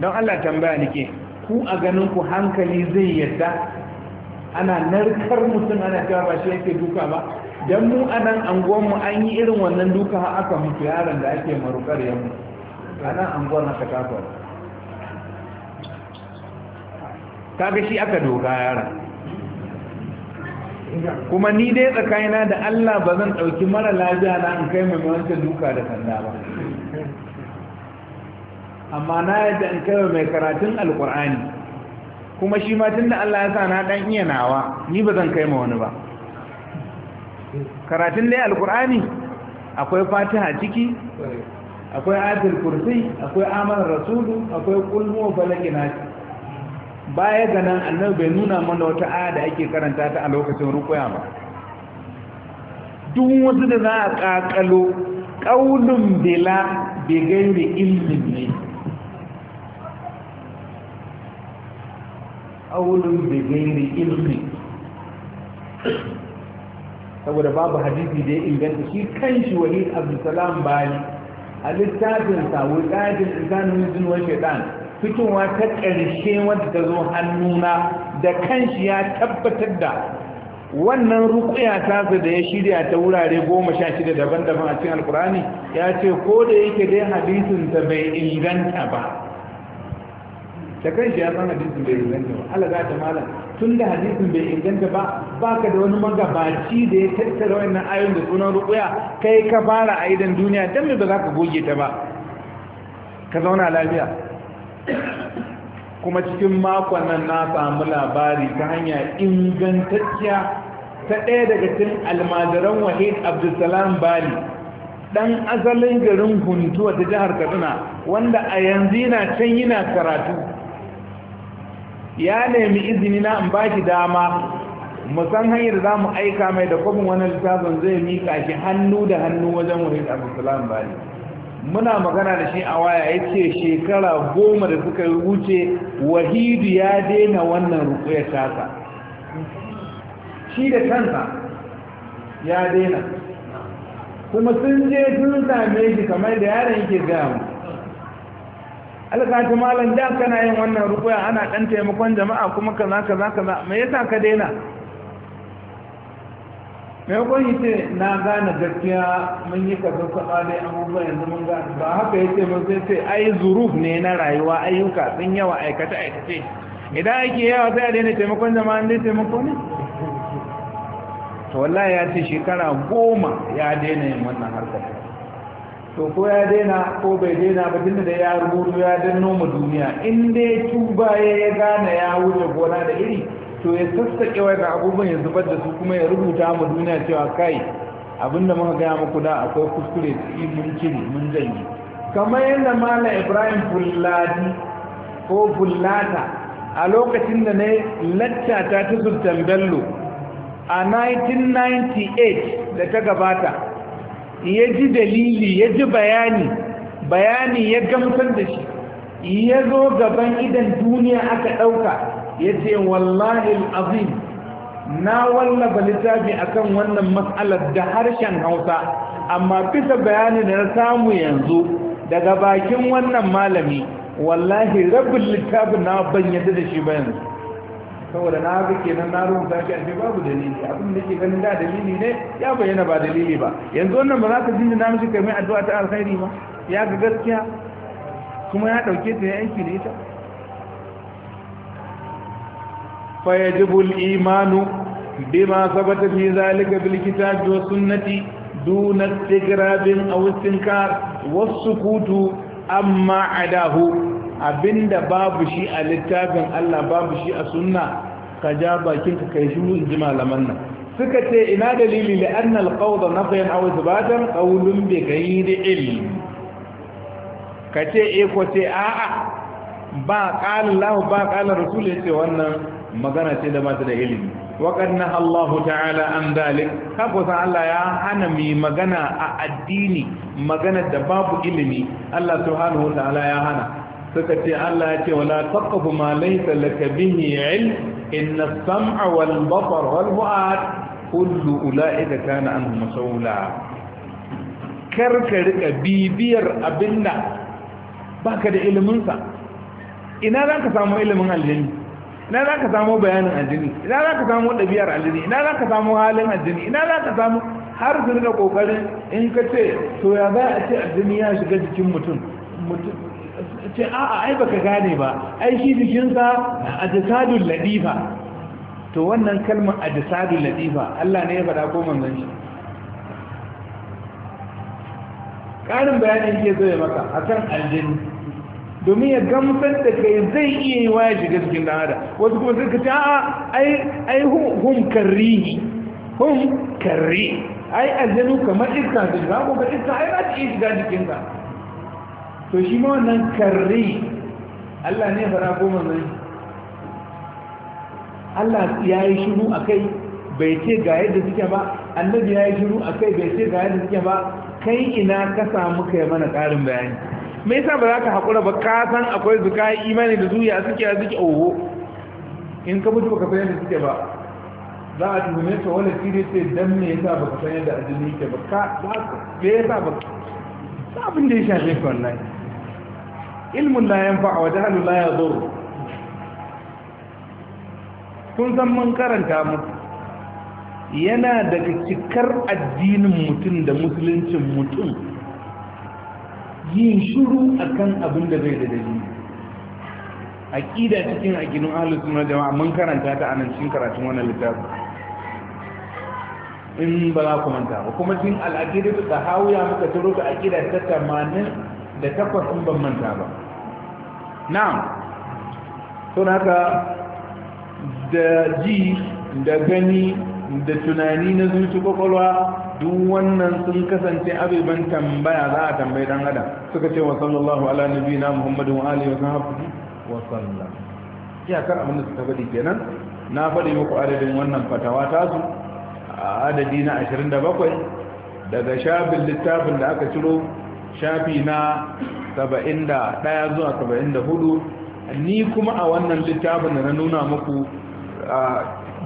don allah tambaya nike ku a ganin ku hankali zai yadda ana narkar mutum ana cewa ba shi yake duka ba dan mu anan nan anguwanmu an yi irin wannan duka har aka mutu yaron da ake marukar ya mu a anguwan na kafa kaga shi aka doka yaron kuma ni dai tsakaina da Allah ba zan ɗauki mara lafiya na in kai mai wancan duka da sanda ba amma na yadda in kai mai karatun alkur'ani kuma shi ma tunda Allah ya sa na ɗan iya nawa ni ba zan kai ma wani ba karatun dai alkur'ani akwai fatiha ciki akwai ayatul kursi akwai amal rasulu akwai kulmu wa falakina baya ga nan annabi bai nuna mana wata aya da ake karanta ta a lokacin rukuya ba duk wasu da za a kakalo kaulun bila bi gairi ilmin ne ƙaunin da gairi ilmi saboda babu hadisi da ya inganta shi kan shi wani ba bani a littafinsa wuƙatin insanin zinuwar shaidan fitowa ta ƙarshe wadda ta zo hannuna da kanshi ya tabbatar da wannan rukuya tasa da ya shirya ta wurare goma sha shida daban-daban a cikin alkurani ya ce ko da yake dai hadisinsa bai inganta ba da shi ya san hadisin bai inganta ba Allah za ta mala tun da hadisin bai inganta ba baka da wani magabaci da ya tattara wannan ayon da sunan rukuya kai ka fara aidan duniya dan me ba za ka goge ta ba ka zauna lafiya kuma cikin makon nan na samu labari ta hanya ingantacciya ta ɗaya daga cikin almadaran wahid abdulsalam bali dan asalin garin huntuwa ta jihar kaduna wanda a yanzu yana can yana karatu ya nemi izini na in baki dama mu san hanyar za mu aika mai da kwabin wannan littafin zai mika shi hannu da hannu wajen wahid salam bani muna magana da shi a waya ya ce shekara goma da suka wuce wahidu ya daina wannan ta tasa shi da kansa ya daina kuma sun je sun same shi kamar da yaran yake gaya mu alƙa malam da kana yin wannan rukuya ana ɗan taimakon jama'a kuma kaza kaza kaza me yasa ka daina me ko yace na gane gaskiya mun yi kaza kaza dai abubuwa yanzu mun gane ba haka ya ce mun sai sai ai zuruf ne na rayuwa ayyuka sun yawa aikata aikace idan ake yawa sai a daina taimakon jama'a ne taimako ne to wallahi ya ce shekara goma ya daina yin wannan harkar to ko ya daina ko bai daina ba tunda da ya rubutu ya danno mu duniya in dai tuba ya gane ya wuce gona da iri to ya sassaƙe wa da abubuwan ya zubar da su kuma ya rubuta mu duniya cewa kai abinda muka gaya muku da akwai kuskure yi mun cire mun janye kamar yadda malam ibrahim fulladi ko fullata a lokacin da na laccata ta sultan bello a 1998 da ta gabata ya ji dalili ya ji bayani bayani ya gamsar da shi ya zo gaban idan duniya aka ɗauka ya ce wallahi al’azim na wallafa littafi akan wannan matsalar da harshen hausa amma fita bayani da na samu yanzu daga bakin wannan malami wallahi rabin littafi na ban yadda da shi ba yanzu saboda na haka nan na rubuta shi ashe babu dalili abin da ke ganin da dalili ne ya bayyana ba dalili ba yanzu wannan ba za ka jinjina na mishi kamar addu'a ta alkhairi ba ya ga gaskiya kuma ya dauke ta ya aiki da ita fa yajibu al-imanu bima sabata fi zalika bil kitabi wa sunnati دون استغراب او استنكار والسكوت amma adahu abinda babu shi a littafin Allah babu shi a sunna ka ja bakin ka kai shi ji malaman nan suka ce ina dalili li anna alqawd nafiyan aw ithbatan qawlun bi ghayri ilm ka ce eh, ko ce a'a ba qala Allah ba qala rasul ce wannan magana ce da mata da ilimi wa qad Allah ta'ala an dalik haka sa Allah ya hana mi magana a addini magana da babu ilimi Allah subhanahu wa ta'ala ya hana suka ce Allah ya ce wala taqfu ma laysa laka bihi ilm inna as-sam'a wal basara wal fu'ad kullu ulaika kana anhu mas'ula karka rika bibiyar abinda baka da ilimin sa ina zaka samu ilimin aljini ina za ka samu bayanin aljini ina za ka samu ɗabi'ar aljini ina za ka samu halin aljini ina za ka samu har su rika ƙoƙarin in ka ce to ya za a ce aljini ya shiga jikin mutum ce a'a ai baka gane ba ai shi jikinsa ajsadul ladifa to wannan kalmar ajsadul ladifa Allah ne ya faɗa ko manzon shi ƙarin bayanin ke ya maka akan aljin domin ya gamsar da kai zai iya yi waya shiga cikin dan adam wasu kuma suka ce a'a ai ai hum karrihi hum karri ai aljinu kamar iska su za ko ka iska ai za ta iya shiga jikinka to shi ma wannan karri Allah ne fara goma mai Allah ya yi shiru a kai bai ce ga yadda suke ba annabi ya yi shiru a kai bai ce ga yadda suke ba kai ina ka samu kai mana ƙarin bayani me yasa ba za ka haƙura ba ka san akwai zuka imani da zuya suke a suke oho in ka mutu baka san yadda suke ba za a tuhume ka wani fili ce dan me yasa baka san yadda ajini yake ba ka za ka me yasa ba abin da ya shafe ka wallahi ilmun la yanfa wa jahalun la yadur kun san mun karanta mu yana daga cikar addinin mutum da musuluncin mutum yin shiru akan abin da zai da dalili aqida cikin aqidun ahlus sunna jama'a mun karanta ta anan cikin karatun wannan littafi in ba za ku manta ba kuma cikin al'aqidatu da hawiya muka taro ta aqida ta tamanin da takwas ban manta ba na'am to haka da ji da gani da tunani na zuci kwakwalwa duk wannan sun kasance abubuwan tambaya za a tambayi dan adam suka ce wa sallallahu ala nabiyina muhammadin wa alihi wa sahbihi wa sallam kar abin da suka kenan na faɗi muku adadin wannan fatawa tasu a adadi na 27 daga shafin littafin da aka ciro shafi na 71 zuwa 74 ni kuma a wannan littafin da na nuna muku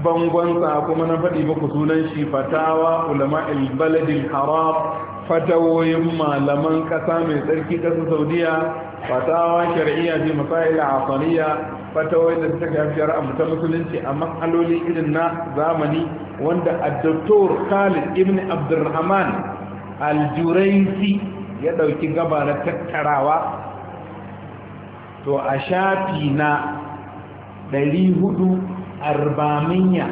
bangonsa kuma na faɗi muku sunan shi fatawa ulama albaladin haram fatawoyin malaman ƙasa mai tsarki ƙasar saudiya fatawa shari'iyya fi masaila asaliya fatawoyin da suka shafi shari'a ta musulunci a matsaloli irin na zamani wanda a doktor khalid ibn abdulrahman aljuraisi ya ɗauki gaba na tattarawa to a shafi na ɗari hudu arbaminya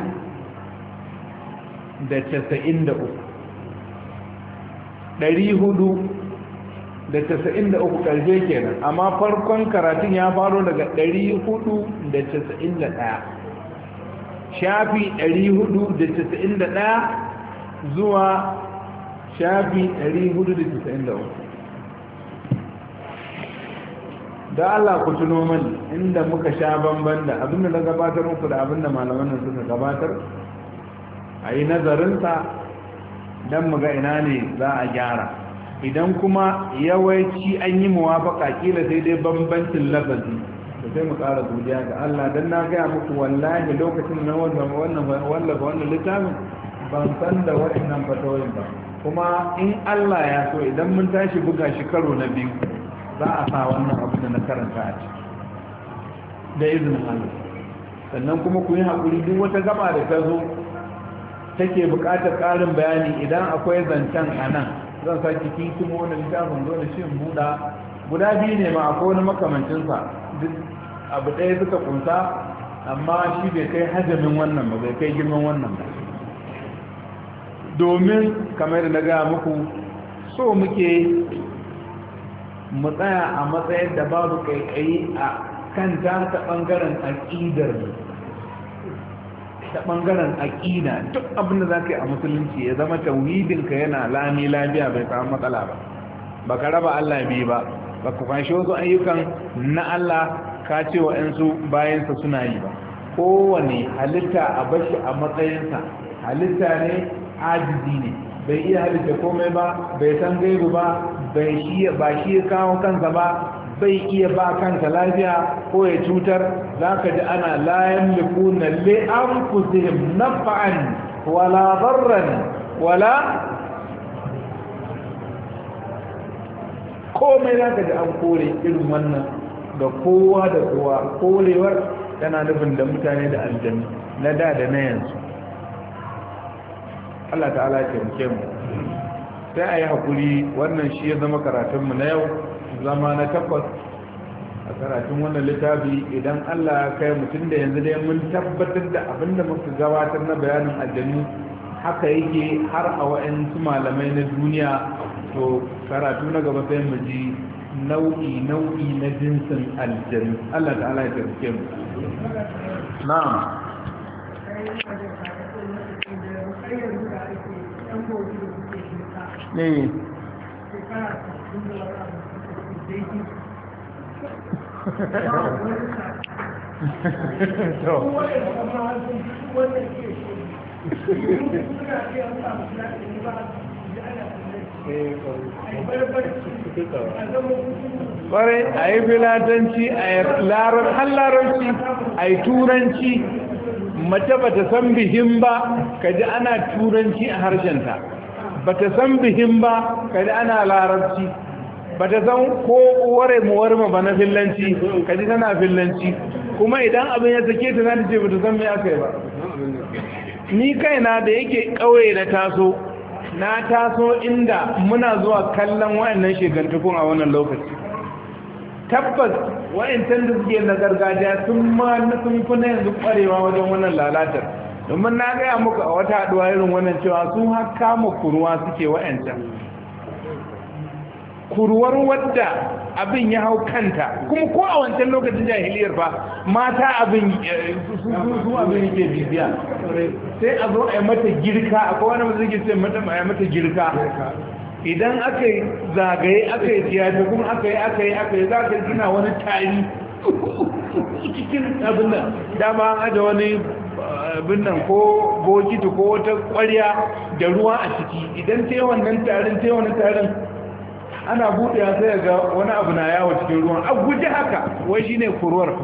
da casa'in da uku ɗari hudu da casa'in da uku ƙarfe kenan amma farkon karatun ya faro daga ɗari hudu da casa'in da ɗaya shafi ɗari hudu da casa'in da ɗaya zuwa shafi 493 da Allah ku tuno mani inda muka sha bamban da abinda na gabatar muku da abinda malaman nan suka gabatar a yi nazarinsa don mu ga ina ne za a gyara idan kuma yawanci an yi muwafaka kila sai dai bambancin lafazi da sai mu ƙara godiya ga Allah don na gaya muku wallahi lokacin na wallafa wannan littafin ban san da waɗannan fatawoyin ba kuma in Allah ya so idan mun tashi buga shi karo na biyu za a sa wannan abu da na karanta a ciki da izinin Allah sannan kuma ku yi haƙuri duk wata gaba da ta zo take buƙatar ƙarin bayani idan akwai zancen a nan zan sa cikin kuma wani littafin zo da shi buɗa guda biyu ne ma akwai wani makamancinsa duk abu ɗaya suka kunsa amma shi bai kai hajjamin wannan ba bai kai girman wannan ba domin kamar da na gaya muku so muke mu tsaya a matsayin da babu kaikayi a kan ta ta ɓangaren aƙidar ta bangaren aƙida duk abinda za ka yi a musulunci ya zama ka yana lami lafiya bai samu matsala ba ba ka raba Allah biyu ba ba ka kwashi wasu ayyukan na Allah ka ce wa ‘yansu bayansa suna yi ba kowane halitta a bashi a matsayinsa halitta ne ajizi ne bai iya halitta komai ba bai san gaibu ba bai shi ba shi ya kawo kansa ba bai iya ba kansa lafiya ko ya cutar za ka ji ana layan likuna li'an kuzihim nafa'an wala barran wala komai za ka ji an kore irin wannan ga kowa da kowa korewar tana nufin da mutane da aljanna na da da na yanzu Allah ta'ala ya muke mu sai a yi hakuri wannan shi ya zama karatunmu na yau zama na takwas a karatun wannan littafi idan Allah ya kai mutum da yanzu dai mun tabbatar da abinda da muka gabatar na bayanin aljanu haka yake har a wa'yansu malamai na duniya to karatu na gaba sai mu ji nau'i nau'i na jinsin aljanu Allah ta'ala ya tafiye mu na'am ne kwarai a yi filatanci a yi larabci a yi turanci mace ba ta san bihin ba kaji ana turanci a harshenta ba ta san bihin ba kaji ana larabci ba ta san ko ware mu warma ba na fillanci kaji tana fillanci kuma idan abin ya take ta zata ce ba ta san me aka ba ni kaina da yake ƙauye na taso na taso inda muna zuwa kallon wayannan shegantakun a wannan lokaci tabbas wa'incan da suke na gargajiya sun ma sun fi na yanzu kwarewa wajen wannan lalatar domin na gaya muku a wata haɗuwa irin wannan cewa sun haka ma kurwa suke wa'incan kurwar wadda abin ya hau kanta kuma ko a wancan lokacin jahiliyar ba mata abin eh, su abin yake bibiya sai a zo a yi mata girka akwai wani mutum ke ce mata girka idan aka zagaye aka yi tiyafi kuma aka yi aka yi aka yi za ka gina wani tari cikin abin da dama an aje wani abin nan ko bokiti ko wata kwarya da ruwa a ciki idan ta yi wannan tarin ta yi wani tarin ana buɗe sai ga wani abu na yawo cikin ruwan a guji haka wai shine kuruwar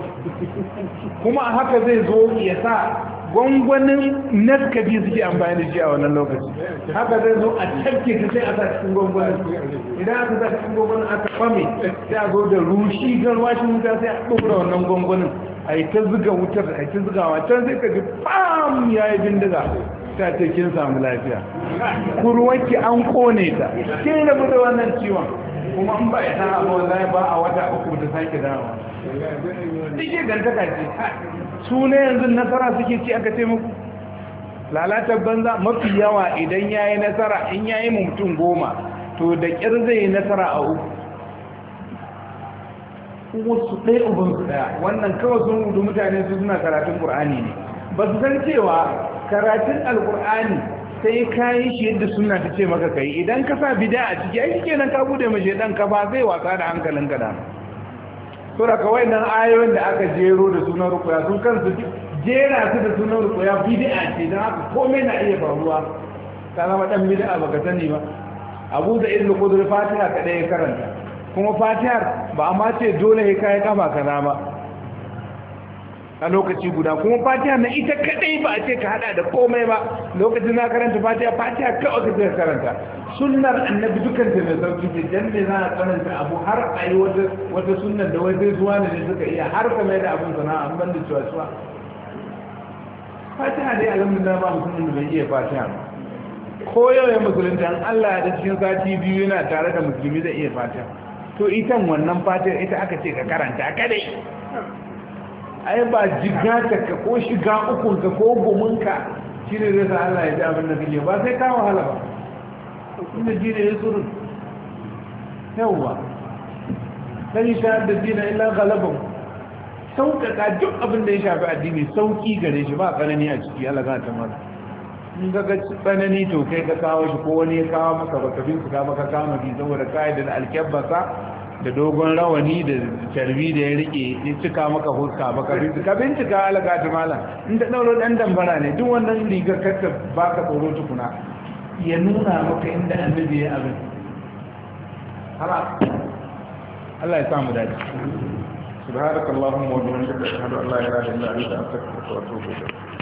kuma haka zai zo ya sa gwangwanin naskabi suke amfani da shi a wannan lokaci haka zai zo a tarke ta sai a sa cikin gwangwanin idan aka sa cikin gwangwanin aka kwame sai a zo da rushi garwa shi wuta sai a ɗora wannan gwangwanin a yi ta zuga wutar a yi ta zugawa can sai ka ji fam ya yi bindiga ta ce samu lafiya kurwaki an kone ta kin rabu da wannan ciwon kuma an ba a sa ba a wata uku ta sake dawa dike gantaka ce su ne yanzu nasara suke ci aka ce muku lalatar banza mafi yawa idan ya yi nasara in ya yi mutum goma to da ƙyar zai yi nasara a uku wasu ɗaya uban su ɗaya wannan kawai sun rudu mutane su suna karatun ƙur'ani ne ba su san cewa karatun alƙur'ani sai ka yi shi yadda suna ta ce maka kai idan ka sa bida a ciki ai kenan ka bude mashi ɗan ka ba zai wasa da hankalin ka da to kawai nan ayoyin da aka jero da sunan rukuya sun kansu jera su da sunan rukuya bid'a ce dan haka komai na iya faruwa ka zama dan bid'a baka sani ba Abu da Ibn kudur Fatiha kadai ya karanta kuma Fatihar ba amma ce dole ya kai kafa kaza ba a lokaci guda kuma fatiha na ita kadai ba a ce ka hada da komai ba lokacin na karanta fatiha fatiha kawai ka ce karanta sunnar annabi dukkan ta mai sauki ce dan ne za a karanta abu har a yi wata sunnar da wai zuwa ne suka iya har ka mai da abun sana'a an banda cewa suwa fatiha dai alhamdulillah ba mutumin da bai iya fatiha ko yau ya musulunta an Allah da cikin sati biyu yana tare da musulmi zai iya fatiha to itan wannan fatiha ita aka ce ka karanta kadai ai ba jiga ta ka ko shiga ukun ka ko gominka shi ne zai sa Allah ya ji abin da kake ba sai ka wahala ba inda ji ne ya surun yawwa sai sha da dina illa galaban sauƙaƙa duk abin da ya shafi addini sauƙi gare shi ba tsanani a ciki Allah ta mata in ga ga tsanani to kai ka kawo shi ko wani ya kawo maka baka bin su ka maka kawo mafi saboda ka'idar alkyabbasa da dogon rawani da tarbi da ya rike ya cika maka huska ba. ka bincika bincika ta malam in da ɗauro ɗan dambara ne duk wannan rigar kasta ka tsoro tukuna ya nuna maka inda annabi ya abin Allah ya samu dace subhanakallahumma wa bihamdika ashhadu an la ilaha illa anta astaghfiruka wa atubu ilayk